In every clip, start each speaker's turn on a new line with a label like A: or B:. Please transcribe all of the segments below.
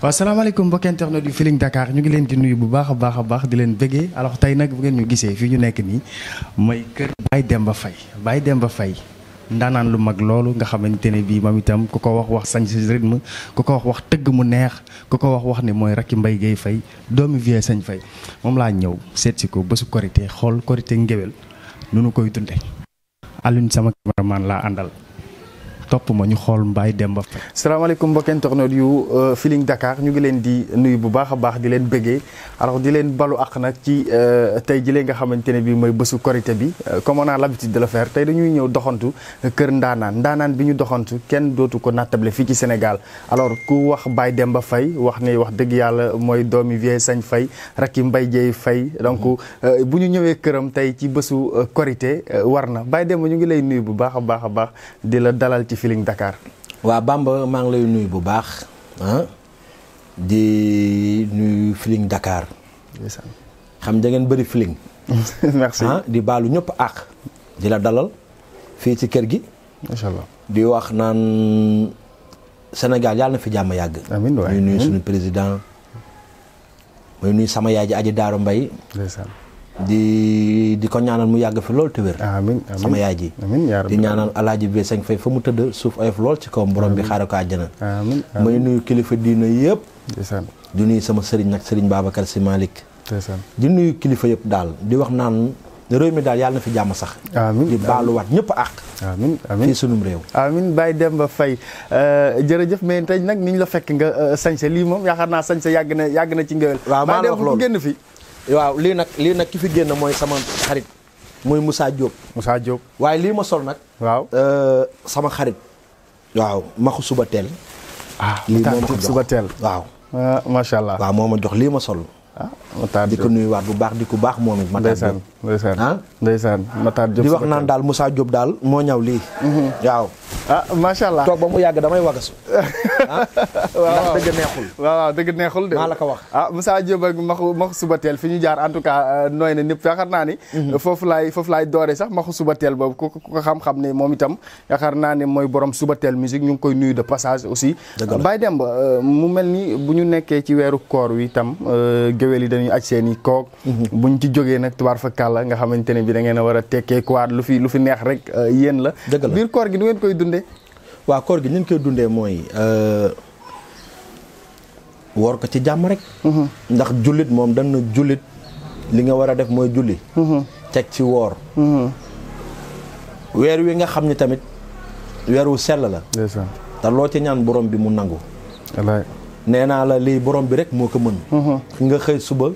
A: waaw salaamaaleykum mbokki internet yu Feeling Dakar ñu ngi leen di nuyu bu baax a baax a baax di leen bëggee alors tey nag bu ngeen ñu gisee fii ñu nekk nii mooy kër Baye Demba Faye Baye Demba Faye ndaanaan lu mag loolu nga xamante ne bii moom itam ku ko wax wax sañ si rythme ku ko wax wax tëgg mu neex ku ko wax wax ne mooy rakki mbay gay fay doomi vie sañ fay moom laa ñëw seet si ko bésu korité xool korité ngéwél nu nu koy dunde Alioune sama cameraman laa àndal topp ma ñu xool Mbaye Demba Faye. salaamaaleykum mbokki internet yu euh, Feeling Dakar ñu ngi leen di nuyu bu baax a baax di leen bëggee alors di leen balu ak nag ci euh, tey jii nga xamante ne bii mooy bésu korité bi euh, comme on a l'habitude de le faire tey dañuy ñëw doxantu kër ndaanaan ndaanaan bi ñu doxantu kenn dootu ko nattable fii ci senegal alors ku wax baay dem ba Faye wax ne wax dëgg yàlla mooy doomi Vieux Sagne Faye rakki mbay Dieye Faye donc mm-hmm. bu ñu ñëwee këram tey ci bésu korité war na Mbaye Demba ñu ngi lay nuyu bu baax a baax a baax Feeling Dakar. waa Bamba maa ngi lay nuyu bu baax ah,
B: di nuyu Feeling Dakar. xam da ngeen bëri Feeling. Ah, di baalu ñëpp àq. di la dalal fii ci kër gi. macha di wax naan senegal yàlla na fi jàmm yàgg. amiin waay nuyu suñu président. muy nuyu sama yaay ji aji mbay di ko ñaanal mu yàgg fi lool te wér. amiin sama yaay ji. amiin yaa rabbi di ñaanal alaaji bi sañ fay fa mu tëdd suuf oyof lool ci kawam borom bi xaaral ko àjjana. amiin may nuyu kilifa diina yëpp. ndeysaan di nuyu sama sëriñ nag sëriñ Babacar Sy di nuyu kilifa yëpp daal di
A: wax naan. réew mi daal yàlla na fi jàmm sax. amiin di baaluwaat ñëpp àq.
B: amiin amiin fii sunum réew.
A: ba fay Demba Faye euh, jërëjëf mais tey nag ni ñu la fekk nga euh, sa lii moom yaakaar naa sañ sa yàgg na yàgg na ci ngéwél. waaw maa la wax génn fi.
B: waaw lii nag lii nag ki fi génn mooy sama xarit muy Moussa jóob musaa Diop waaye lii ma sol nag. waaw euh, sama xarit. waaw maxu suba teel. ah suba teel waaw. Ah, macha allah waaw moo ma jox lii ma sol. ah Matar Diop di ko bu baax di ko baax moom it. Matar Diop ndeysaan ah ndeysaan di wax naan daal Moussa jóob daal moo ñaw lii. Mhm.
A: waaw. ah toog ba mu yàgg damay wagasu. waaw dëgg neexul waaw dëgg neexul de maa la ka wax ah Moussa Diop ak maxu maxu suba teel fi ñu jaar en tout cas euh, nooy na ñëpp yaakaar naa ni mhm. foofu laay foofu laay doore sax maxu suba teel boobu ku ko xam-xam ne moom itam yaakaar naa ne mooy borom suba teel musique ñu ngi koy nuyu de passage aussi Baye Demba euh, mu mel ni bu ñu nekkee ci weeru koor wi itam euh, géwél yi dañuy aj seen i koog mhm. buñ ci jógee nag tubaar fa kàlla nga xamante ne bi dangeen ngeen a war a tekkee quoi lu fi lu fi neex rek yéen la biir gi du koy dundee waa koor gi ni koy dundee mooy euh,
B: woor ko ci jàmm rek mm-hmm. ndax jullit moom dana jullit li nga war a def mooy julli mm-hmm. teg ci woor mm-hmm. weer wi nga xam ni tamit weer wu sell la te loo ci ñaan borom bi mu nangu nee naa la lii borom bi rek moo ko mën nga xëy suba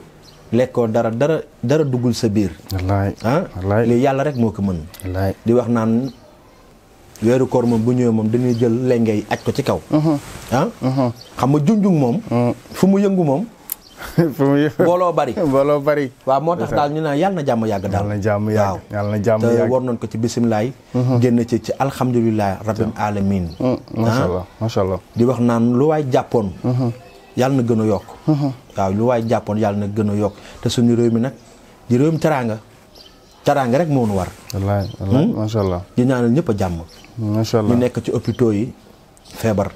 B: lekkoo dara dara dara duggul sa biir ah lii yàlla rek moo ko mën di wax naan weeru koor moom bu ñëwee moom dañuy jël lengay aj ko ci kaw. Uh-huh. ah. Uh-huh. xam nga junjung moom. Uh-huh. fu mu yëngu moom. fu bari. booloo bari. waaw moo tax daal ñu naan yàlla na jàmm yàgg daal. yàlla na jàmm yàlla na jàmm yàgg te war ko ci bisimilah. génn ci ci alhamdulilah rabbil alamin. Mm, macha ah? di wax naan lu waay jàppoon. yàlla na gën a yokk. waaw lu waay jàppoon yàlla na gën a yokk te suñu réew mi nag di réewum teraanga teraanga rek moo nu war. wallaay wallaay hmm? macha allah. di ñaanal ñëpp jàmm. macha allah ñu nekk ci hôpitaux yi feebar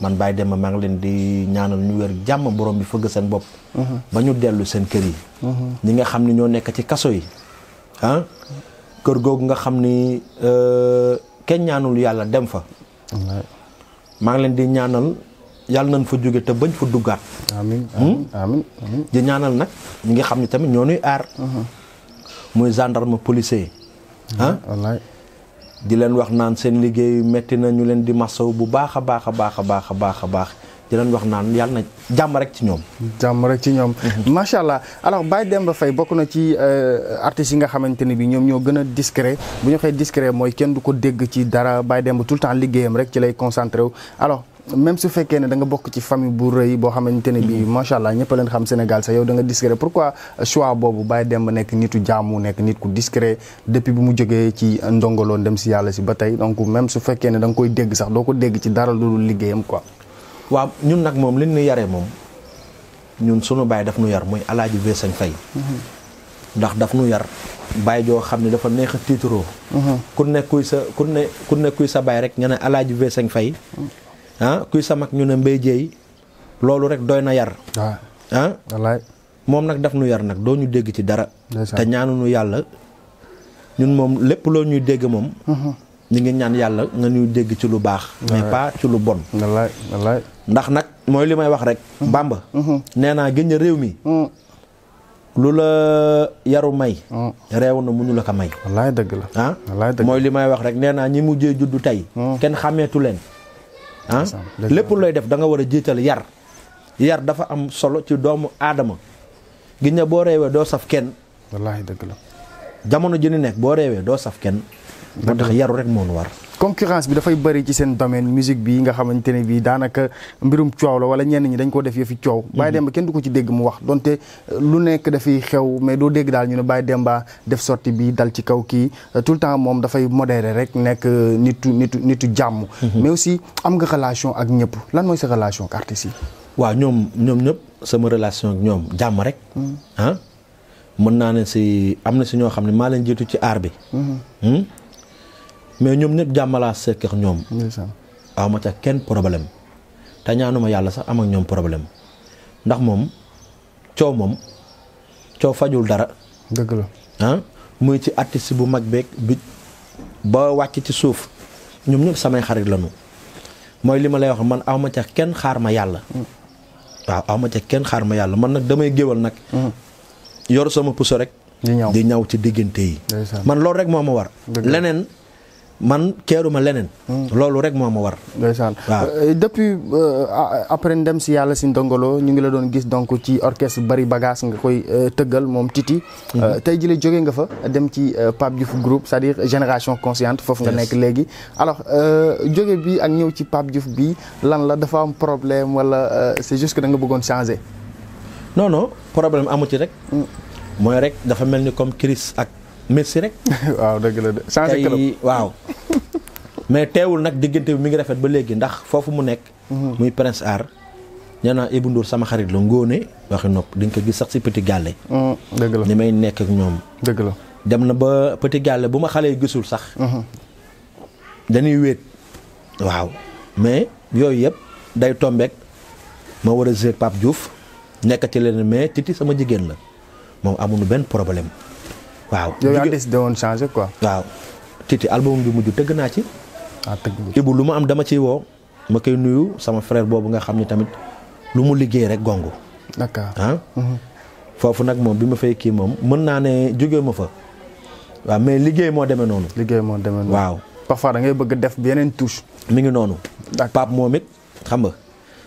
B: man baay dem ma maa ngi leen di ñaanal ñu wér jàmm borom bi fëgg seen bopp. Mhm. ba ñu dellu seen kër yi. Mhm. ñi nga xam ne ñoo nekk ci kaso yi ah, kër googu nga xam ni euh, kenn ñaanul yàlla dem fa. maa ngi leen di ñaanal yàlla nañ fa jóge te bañ fa duggaat. amiin hmm? ñaanal nag ñi nga xam ne tamit ñoo ñuy aar. Mhm. muy gendarme policier yi. Ah. di leen wax naan seen liggéey métti na ñu leen di masaw bu baax a baax a baax a baax a baax a baax di leen wax naan yàlla na
A: jàmm rek ci ñoom. jàmm rek ci ñoom. Mhm. macha allah alors Baye Demba Faye bokk na ci euh, artistes yi nga xamante ne bi ñoom ñoo gën a discret bu ñu waxee discret mooy kenn du ko dégg ci dara Baye Demba tout le temps liggéeyam rek ci lay concentré wu alors. même su fekkee ne da nga bokk ci famille bu rëy boo xamante ne bii macha allah ñëpp leen xam Sénégal sax yow da nga discret pourquoi choix boobu Baye Demba nekk nitu jaamu nekk nit ku discret depuis bi mu jógee ci ndongoloon dem si yàlla si ba tey donc même su fekkee ne da nga koy dégg sax doo ko dégg ci dara loolu liggéeyam ko
B: waaw ñun nag moom li ñu yaree moom ñun sunu baay daf nu yar muy El Hadj Vesañ Faye ndax daf nu yar baay joo xam ne dafa neex a tiituroo. Mhm. ku nekkuy sa ku ne ku sa baay rek nga ne El Hadj Vesañ ah kuy sa mag ñu ne mbay jéey loolu rek doy na yar ah. ah wallaay moom nag daf nu yar nag doo ñu dégg ci dara te ñaanunu yàlla ñun moom lépp loo ñuy dégg moom mm-hmm. ñu ngi ñaan yàlla nga ñuy dégg ci lu baax mais pas ci lu bon wallaay wallaay ndax nag mooy li may wax rek mm-hmm. bàmba mm-hmm. nee naa gën réew mi mm. lu la yaru may mm. réew na mu ñu la ko may ah. mooy li may wax rek nee naa ñi mujjee juddu tey mm. kenn xàmmeetu leen ah lépp looy def da nga war a jiital yar yar dafa am solo ci doomu aadama gis nga boo réewee doo saf kenn wallaahi dëgg la
A: jamono ji ñu nekk boo réewee doo saf kenn moo tax yaru rek moonu war concurrence bi dafay bëri ci seen domaine musique bi nga xamante ne bii daanaka mbirum coow la wala ñenn ñi dañ koo def fi coow mhm. Baye Demba kenn du ko ci dégg mu wax donte euh, lu nekk dafay xew mais doo dégg daal ñu ne dem Demba def sortie bi dal ci kaw kii euh, tout le temps moom dafay modéré rek nekk euh, nitu nitu nitu jàmm mhm. mais aussi am nga relation ak ñëpp lan mooy sa relation ak artistes yi waaw ñoom
B: ñoom ñëpp sama relation ak ñoom jàmm rek mhm. ah mën naa ne si am na si ñoo xam ne maa leen jiitu ci aar bi
A: hmm?
B: mais ñoom ñëpp jàmmalaa sekk ak ñoom aw ma ca kenn problème te ñaanuma yàlla sax am ak ñoom problème ndax moom coow moom coow fajul dara dëgg la ah, muy ci artiste bu mag beeg bi ba wàcc ci suuf ñoom ñëpp samay xarit lañu mooy li ma lay wax man aw ma ca kenn xaar ma yàlla mm. waaw aw ca kenn xaar ma yàlla man nag damay géwal nag mm. yor sama puso rek di ñaw ci diggante yi man loolu rek moo ma war leneen man keeruma leneen. Hmm. loolu rek moo ma war. ndeysaan waaw
A: euh, depuis euh, après ndem si yàlla si ndongolo ñu ngi la doon gis donc ci orchestre bari bagage nga koy euh, tëggal moom Titi. Hmm. tey jii jóge nga fa dem ci Pape Diouf group cest dire génération consciente foofu nga nekk léegi. alors jóge bi ak ñëw ci Pape Diouf bi lan la dafa am problème wala c'est juste que da nga bëggoon changé
B: non problème amu ci rek. Hmm. mooy rek dafa mel ni comme crise ak. merci rek. waaw dëgg la de changé club waaw. mais teewul nag diggante bi mi ngi rafet ba léegi ndax foofu mu nekk. Mhm. muy Prince Art. nee naa Ibou Ndour sama xarit la ngóone waxi nopp di ko gis sax si Petit Gallé. Mhm, dëgg la ni nekk ak ñoom. dëgg dem na ba Petit Gallé bu ma xale gisul sax. Mhm. dañuy wéet. waaw mais yooyu yëpp day tombeek ma war a Pape Diouf nekkati leen mais titi sama jigéen la moom amuñu benn problème. waaw yow yaa décidé changé quoi. waaw Titi album bi mujj tëgg naa ci. ah lu ma am dama ciy woo. ma koy nuyu sama frère boobu nga xam ni tamit lu mu liggéey rek gongu. d'accord ah? mm-hmm. foofu nag moom bi ma fay kii moom mën naa ne jóge ma fa. waaw mais liggéey moo demee noonu. liggéey moo demee waaw. parfois da ngay bëgg def yeneen touche. mi ngi noonu. Pape moom it xam nga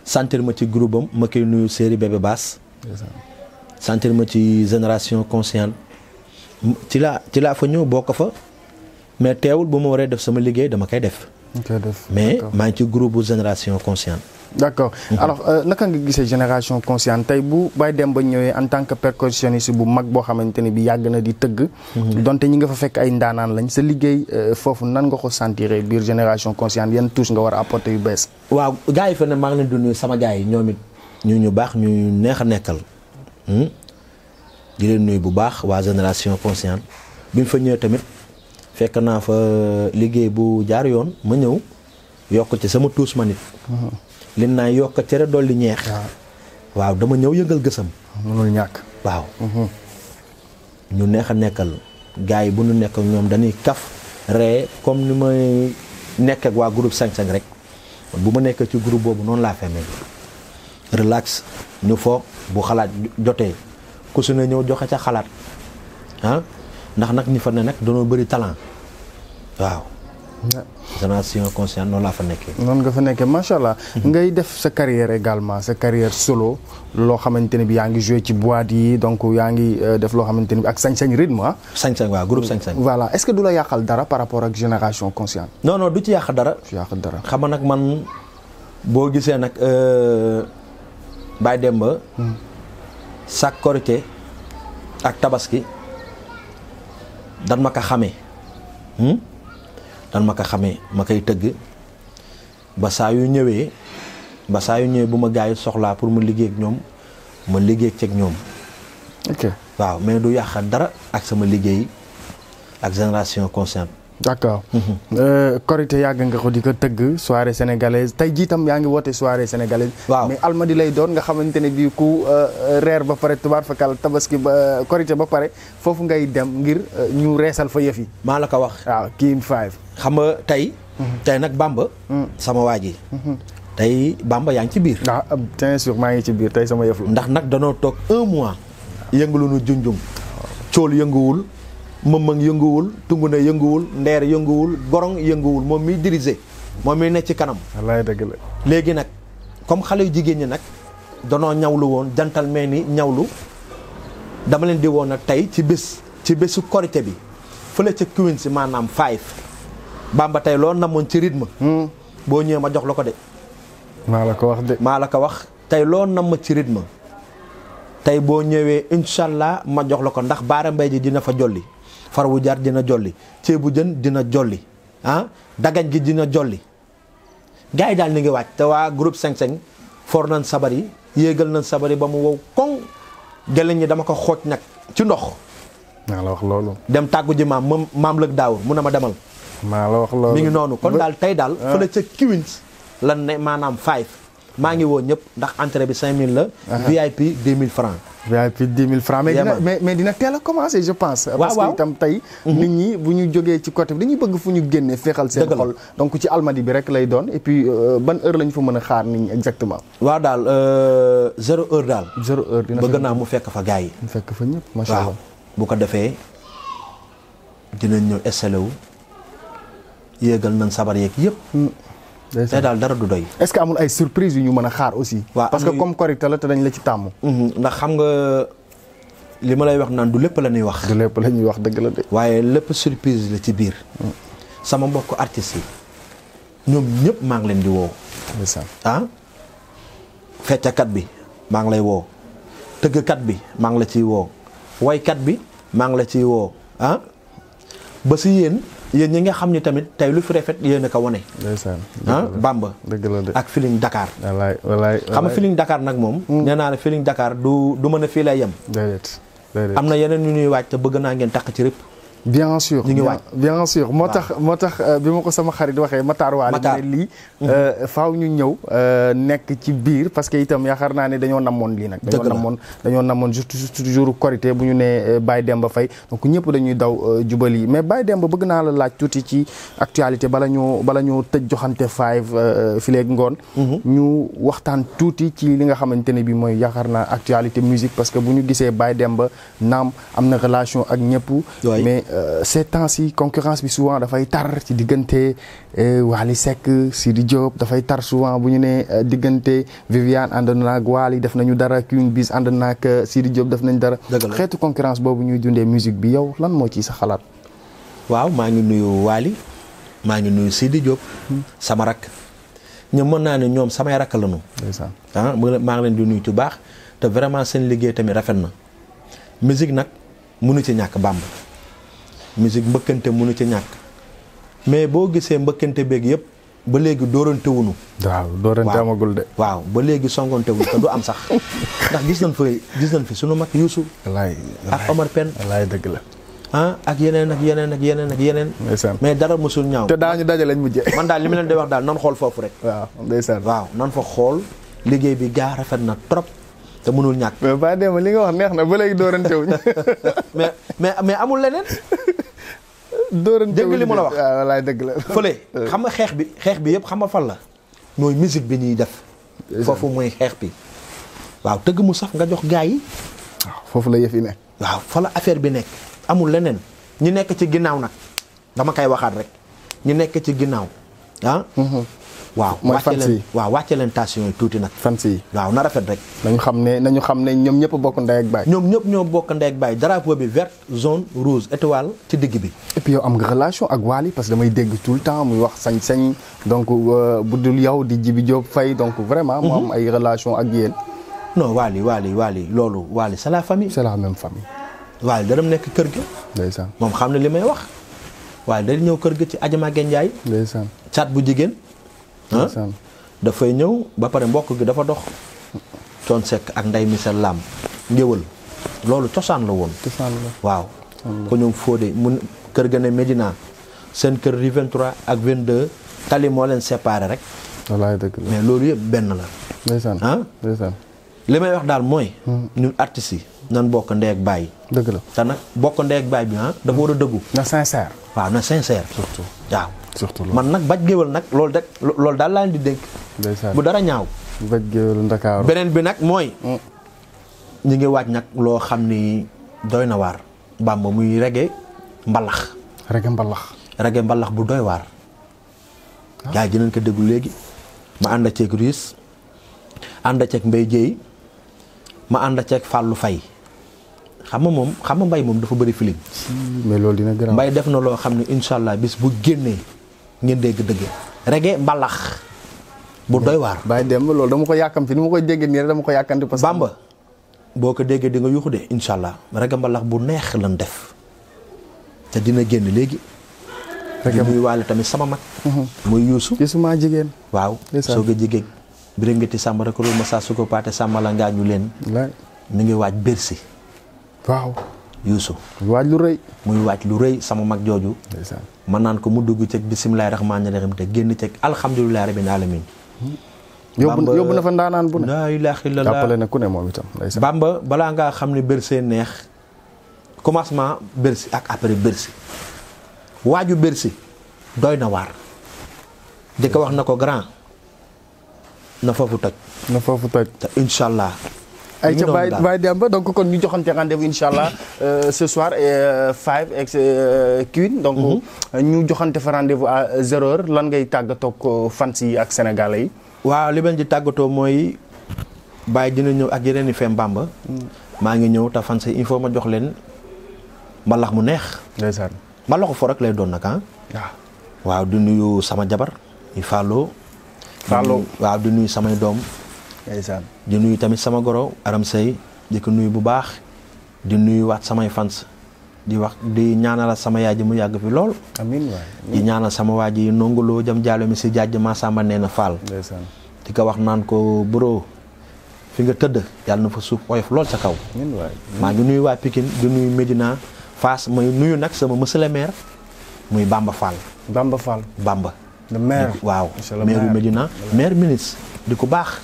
B: sentir ma ci groupe ma koy nuyu série bébé baas. sentir ma ci génération consciente. ci laa ci laa fa ñëw bokk fa mais teewul bu ma waree def sama liggéey dama koy def. mais maa ngi ci groupe bu génération consciente. d' accord mhm. alors
A: euh, naka nga gisee génération consciente tey bu dem ba ñëwee en tant que percussionniste bu mag boo xamante ne bi yàgg na di tëgg. Mhm. donte ñi nga fa fekk ay ndaanaan lañ sa liggéey euh, foofu nan nga ko sentiree biir génération consciente yan tous nga war a apporter yu bees. waaw gars yi fa ne maa ngi leen di sama gars yi ñoom it ñu ñu
B: baax ñu neex a nekkal. Hmm? di leen nuyu bu baax waa génération consciente bi mu fa ñëwee tamit fekk naa fa euh, liggéey bu jaar yoon ma ñëw yokk ci sama tuus ma nit uh-huh. lin naa yokk cere dolli ñeex waaw dama ñëw yëngal gësam mënul ñàkk waaw uh-huh. ñu neex a nekkal gars yi bu ñu nekk ñoom dañuy kaf ree comme ni may nekk waa group 5-5 rek bu ma nekkee ci groupe boobu noonu laa fee mel relax ñu fo bu xalaat jotee ku su ne ñëw joxe ca xalaat ah ndax nag ñi fa ne nag danoo bëri talent waaw. génération consciente noonu laa fa nekkee.
A: noonu nga fa nekkee macha allah. Mm-hmm. ngay def sa carrière également sa carrière solo loo xamante ni bi yaa ngi joué ci boîte yi donc yaa ngi euh, def loo xamante ni bi ak sañ-sañ rythme ah. sañ-sañ waaw groupe sañ-sañ. voilà est-ce que du la yàqal dara par rapport ak génération consciente.
B: non du ci yàq dara. du ci yàq dara xam nga nag man boo gisee nag euh, Baye Demba. Mm. chaque korité ak tabaski dan ma ko xamee hmm? dan ma ko xamee ma koy tëgg ba yu ñëwee ba yu ñëwee bu ma gaa yi soxlaa pour ma liggéey ak ñoom ma liggéey ceeg ñoom waaw mais du yàqal dara ak sama liggéey ak génération consciente
A: d' accord euh, korité yàgg nga ko di ko tëgg soirée sénégalaise tey jiitam yaa ngi woote soirée sénégalaise. waaw mais almadi lay doon nga xamante ne bii ku euh, euh, reer ba pare tubaar fa kal tabaski ba korité ba pare foofu ngay dem ngir ñu reesal fa yëf yi. maa la ko wax. waaw ah, kii five
B: xam nga tey. Mhm. tey nag Bamba. Mhm. sama waa ji. Mhm. tey Bamba yaa ngi ci biir. Ah, ah bien sûr maa ngi ci biir tey sama yëf ndax nag danoo toog un mois. yëngaluñu junjum. cool yënguwul. mëmmëng yënguwul tungune yënguwul ndeer yënguwul gorong yënguwul moom miy dirigé moom mi ne ci kanam wallaay dëgg la léegi nag comme xale yu jigéen ñi nag danoo ñawlu woon jantal mel ni ñawlu dama leen di woon tey ci bés ci bésu korité bi fële ca Queens si maanaam five Bamba tey loo namoon ci rythme hmm. boo ñëwee ma jox la ko de maa la ko wax maa la ko wax tey loo namm ci rythme tey boo ñëwee incha allah ma jox la ko ndax baara mbay ji dina fa jolli wu jar dina jolli ceebu jën dina jolli ah dagañ gi dina jolli gars yi daal ni ngi wàcc te waa groupe 55 foor nañ sabar yi yéegal nañ sabar yi ba mu wow koŋ geleñ ñi dama ko xooj nag ci ndox
A: maa la wax loolu
B: dem tàggu ji maam mam maam lëg daawur mu ne ma demal
A: maa la wax loolu mi ngi noonu kon
B: daal tey daal ah. fële
A: ca kiwins lan
B: maanaam five maa ngi woo ñëpp ndax entrée bi mille la. VIP
A: 2000 francs. VIP 10 000 francs mais dina mais mais dina je pense. parce que itam tey. Mhm. nit ñi bu ñu jógee ci côté bi dañuy bëgg fu ñu génnee feexal seen xol. donc ci almadi bi rek lay doon et puis euh, ban heure la ñu fa mën a xaar nit ñi exactement.
B: waaw daal euh, zéro
A: heure daal. zéro heure dina bëgg naa
B: mu fekk fa gaa yi.
A: mu fekk fa ñëpp macha allah
B: bu ko defee dinañ ñëw installé yéegal nañ sabar yeeg yëpp. Hmm. te daal dara du doy
A: est-ce que amul ay surprise yu ñu mën a xaar aussi
B: waaw parce que comme
A: korite la te dañ
B: la ci tàmm mhm, ndax xam nga li ma lay wax naan du lépp la ñuy wax du lépp la ñuy wax dëgg la waaye lépp surprise la ci biir mm. sama mbokk artistes yi ñoom ñëpp maa ngi leen di woo ah feccakat bi maa ngi lay woo tëggkat bi maa ngi la ciy woo waykat bi maa ngi la ciy woo ah ba si yéen yéen ñi nga xam ni tamit tey lu fi rafet yéen a ko wane. ndeysaan ah, Bamba.
A: dëgg la ak Feeling Dakar. wallaay wallaay xam nga
B: dakaar nag moom. Hmm. nee naa la Feeling dakaar du du mën a fii lay yem. am na yeneen ñu ñuy waaj te bëgg naa ngeen takk ci
A: rëpp bien sûr ngi waaj bien moo tax moo tax euh, bi ma ko sama xarit waxee Matar Waale. Matar lii. Mhm. Euh, faaw ñu ñëw euh, nekk ci biir parce que itam yaakaar naa ne dañoo namoon lii nag. dañoo namoon dañoo namoon juste toujours korité bu ñu nee bay Demba Faye donc ñëpp dañuy daw jubal yi mais Baye Demba bëgg naa la laaj tuuti ci actualité bala ñu bala ñoo tëj joxante five fileeg ngoon. Mhm. ñu waxtaan tuuti ci li nga xamante ne bi mooy yaakaar naa actualité musique parce que bu ñu gisee Baye Demba naam am na relation ak ñëpp mais. Euh, ces temps-ci concurrence bi souvent dafay tar ci diggante euh, Wally Seck di Diop dafay tar souvent bu ñu nee euh, diggante Viviane ànd na ak Wally def nañu dara Queen Biz ànd na ak di Diop def nañ dara. xeetu concurrence boobu ñuy dundee musique bi yow lan moo ci sa xalaat.
B: waaw maa ngi nuyu waali maa ngi nuyu di Diop. Hmm. sama rakk ñoom mën naa ne ñoom samay rakk lañu. ah maa ngi leen di nuyu ci baax te vraiment seen liggéey tamit rafet na musique nag mënu ci ñàkk Bàmba. musique mbëkkante mënu ci ñàkk mais boo gisee mbëkkante beeg yëpp ba léegi dóorante wuñu waaw dóorante amagul de. waaw ba léegi songante wuñu te du am sax ndax gis nañ fa gis nañ fi sunu mag Youssou. wallaay ak Omar pen wallaay dëgg la. ah ak yeneen ak yeneen ak yeneen ak yeneen. mais dara mosul ñaaw. te daañu daje lañ mujjee. man daal li ma leen di wax daal nan xool foofu rek. waaw ndeysaan waaw nan fa xool. liggéey bi gaa rafet na trop. te mënul ñàkk. mais ba dem li nga wax neex na ba léegi dóorante wuñ. mais mais mais amul leneen.
A: dóorante dégg li mu la wax ah, walaay dégg la fële xam nga xeex bi xeex bi yëpp xam nga
B: fan la mooy musique bi ñuy def foofu mooy xeex bi waaw tëgg mu saf nga jox gars yi
A: ah, foofu la yëf yi ne
B: waaw fala la affaire bi nekk amul leneen ñi nekk ci ginnaaw nag dama koy waxaat rek ñi nekk ci ginnaaw ah? mm-hmm. waaw mooy fans yi waaw wàcce leen tension yi tuuti nag fans yi waaw na rafet rek nañu xam ne nañu xam ne ñoom ñëpp bokk ndey ak baay ñoom ñëpp ñoo bokk ndey ak baay drapeau bi vert jaune rouge
A: étoile ci digg bi et puis yow am nga relation ak Wally parce que damay dégg tout le temps muy wax sañ-sañ donc euh, bu dul yow di Djibi Diop fay donc vraiment mu am mhm. ay relation ak yéen non Wally Wally Wally loolu Wally c'est fami famille c'est la même famille Wally dara mu nekk kër gi ndeysaan
B: moom xam ne li may wax Wally day ñëw kër gi ci ajama genjaay ndeysaan caat bu jigéen dafay ñëw ba pare mbokk bi dafa dox coon sekk ak ndey misel lam ngéwal loolu cosaan la woon waaw ko ñoom Fodé mun kër ga ne Médina seen kër rue 23 ak 22 tali moo leen séparé rek wallaay dëgg la mais loolu yëpp benn la ndeysaan ah ndeysaan li may wax daal mooy hmm. ñun artisi nan bokk ndey ak baay dëgg la te nag bokk ndey ak baay bi ah dafa war a dëggu na sincère waaw na sincère surtout waaw surtout man nag baj géwél nag loolu rek loolu daal laa leen di dénk. bu dara ñaaw. baj géwél beneen bi nag mooy. Mm. ñu ngi waaj nag loo xam ni doy na waar. Bamba muy reggae mbalax. reggae mbalax. mbalax bu doy waar. Ah. gaa yi ko déglu léegi. ma ànd ceeg Ruus. ànd ceeg Mbaye Dièye. ma ànd ceeg Fallou Faye. xam nga moom xam nga mbay moom dafa bari filim.
A: mais loolu dina gën mbay def na loo xam ne incha allah bis bu génnee. ngeen dégg dëgg reggae mbalax bu doy waar. bàyyi dem loolu dama ko yàkkamti ni ma koy déggee nii rek dama ko yàkkanti parce que boo ko déggee di nga yuuxu de incha allah
B: reggae mbalax bu neex lan def te dina génn léegi. reggae muy waale tamit sama mag. Mhm. muy yuusu su maa jigéen. waaw soo ko jigéen. bi rek nga ti ma saa su ko paate sàmm la ngaa ñu leen. mu ngi waaj Bercy. waaw. Youssou waaj lu rëy muy waaj lu rëy sama mag jooju man naan ko mu dugg ceeg bisimilahi rahmaani rahim te génn ceeg alhamdulilahi rabbil alamin hmm.
A: yóbbu yóbbu na fa ndaanaan bu ne laa ilaaha illallaah jàppale
B: na ku balaa ngaa xam ne Bercy neex commencement Bercy ak après Bercy waaju Bercy doy na waar di ko wax na ko grand na foofu toj na foofu toj te incha allah
A: ay ca Baye Baye Demba donc kon ñu joxante rendez-vous incha allah euh, ce soir et euh, five ex euh, Queen donc mhm. ñu joxante fa rendez-vous à zéro lan ngay tàggatoog fans yi ak sénégalais yi waaw li leen di tàggatoo mooy Baye dina ñëw ak yeneen i fem Bamba mm.
B: maa ngi ñëw te fans yi il faut ma jox leen mbalax mu neex ndeysaan mbalaxu fo rek lay doon nag ah waaw di nuyu sama jabar yi Fallou Fallou waaw di nuyu samay doom ndeysaan di nuyu tamit sama goro aram say di nuyu bu baax di nuyu waat samay fans di wax di ñaanal sama yaay ji mu yàgg fi lool.
A: amiin waay di
B: ñaanal sama waa ji nongoloo jam jaalo mi si jaaj ma sàmba nee na faal. di ko wax naan ko bro fi nga tëdd yàlla na fa suuf oyof lool sa kaw. maa ngi nuyu waa Pikine di nuyu Medina Fass may nuyu nag sama monsieur le muy Bamba Fall. Bamba Fall Bamba. waaw maire Medina maire ministre. di ko baax.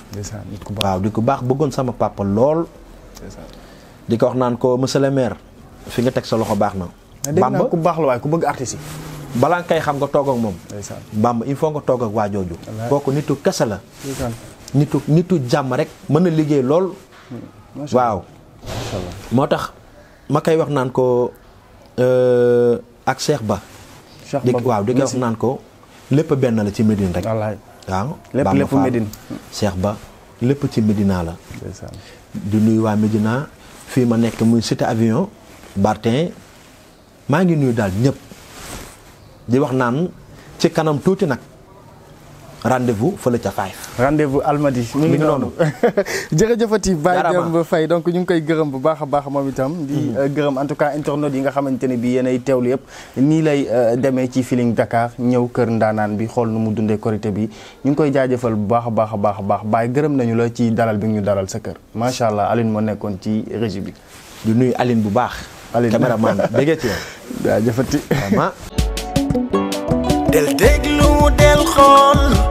B: nit ku baax waaw di ko baax bëggoon sama papa lool. di ko wax naan ko monsieur le maire fi nga teg sa loxo baax na. bamba ku baax la waaye ku bëgg artiste yi. balaa kay xam nga toog ak moom. bamba il faut nga toog ak waa jooju. kooku nitu kese la. nitu nitu jàmm rek mën na liggéey lool. Hmm, waaw. moo tax ma koy wax naan ko euh, ak Cheikh Ba. Cheikh Ba waaw di ko wax naan ko lépp benn la ci Médine rek. waaw lépp lépp Médine Cheikh Ba lépp ci Médina la di nuyu waa Médina fii ma nekk muy cité avion Bartin maa ngi nuyu daal ñëpp di wax naan ci kanam tuuti nag rendez-vous fële ca Five. rendez-vous Almadi.
A: mu ngi noonu jërëjëfati baa Demba Faye donc ñu ngi koy gërëm bu baax a baax moom itam. di mm-hmm. euh, gërëm en tout cas internautes yi nga xamante ne bi yéenay teewlu yëpp. nii lay euh, demee ci Feeling Dakar ñëw kër ndaanaan bi xool nu mu dundee korité bi ñu ngi koy jaajëfal bu baax a baax a baax a baax Baye gërëm nañu la ci dalal bi ñu dalal sa kër macha allah moo nekkoon ci régie bi. di nuyu Aline bu baax. Aline caméraman bëggee ci yow. jaajëfati. del déglu del xool.